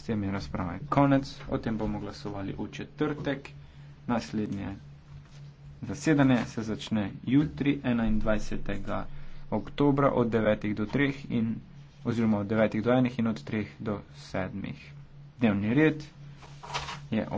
S tem je razprava konec, o tem bomo glasovali v četrtek. Naslednje zasedanje se začne jutri 21. oktobra od 9. do 3. In, oziroma od 9. do 1. in od 3. do 7. Dnevni red je